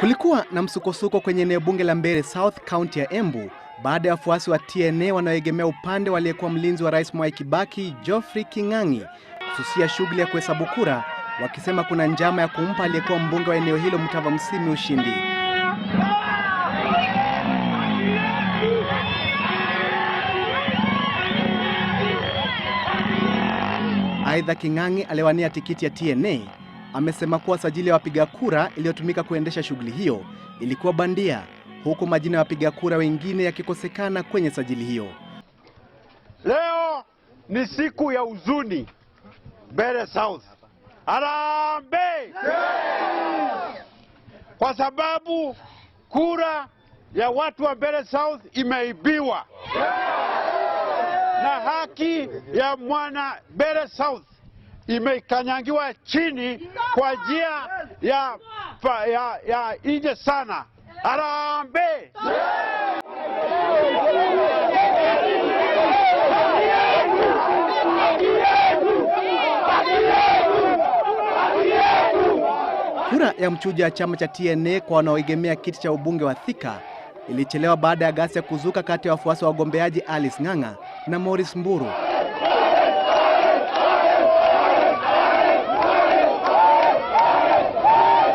Kulikuwa na msukosuko kwenye eneo bunge la Mbeere South, kaunti ya Embu, baada ya wafuasi wa TNA wanaoegemea upande waliyekuwa mlinzi wa rais Mwai Kibaki, Geoffrey King'ang'i, kususia shughuli ya kuhesabu kura, wakisema kuna njama ya kumpa aliyekuwa mbunge wa eneo hilo Mutava Musyimi ushindi. Aidha, King'ang'i aliwania tikiti ya TNA amesema kuwa sajili ya wapiga kura iliyotumika kuendesha shughuli hiyo ilikuwa bandia, huku majina ya wapiga kura wengine yakikosekana kwenye sajili hiyo. Leo ni siku ya huzuni Mbeere South. Harambee! Kwa sababu kura ya watu wa Mbeere South imeibiwa na haki ya mwana Mbeere South imekanyangiwa chini kwa njia ya, ya, ya nje sana. Arambe! Kura ya mchujo ya chama cha TNA kwa wanaoegemea kiti cha ubunge wa Thika ilichelewa baada ya ghasia kuzuka kati ya wafuasi wa wagombeaji Alice Ng'ang'a na Morris Mburu.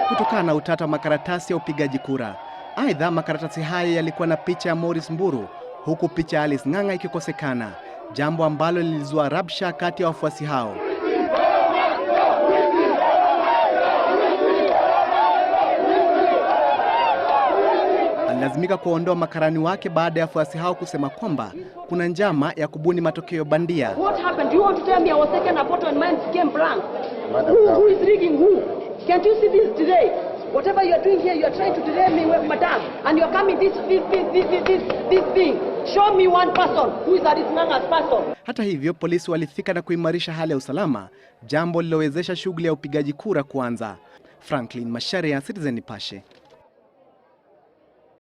kutokana na utata wa makaratasi ya upigaji kura. Aidha, makaratasi haya yalikuwa na picha ya Morris Mburu huku picha ya Alice Ng'ang'a ikikosekana, jambo ambalo lilizua rabsha kati ya wafuasi hao. Alilazimika kuondoa makarani wake baada ya wafuasi hao kusema kwamba kuna njama ya kubuni matokeo bandia. What happened? Do you want to tell me I was taken a photo and mine came blank? Who, who is rigging who? Can't you see this today? Whatever you are doing here, you are trying to delay me, with madam, and you are coming this, this, this, this, this this thing. Show me one person who is a Risnanga's person. Hata hivyo, polisi walifika na kuimarisha hali ya usalama, jambo lilowezesha shughuli ya upigaji kura kuanza. Franklin Masharia, Citizen Nipashe.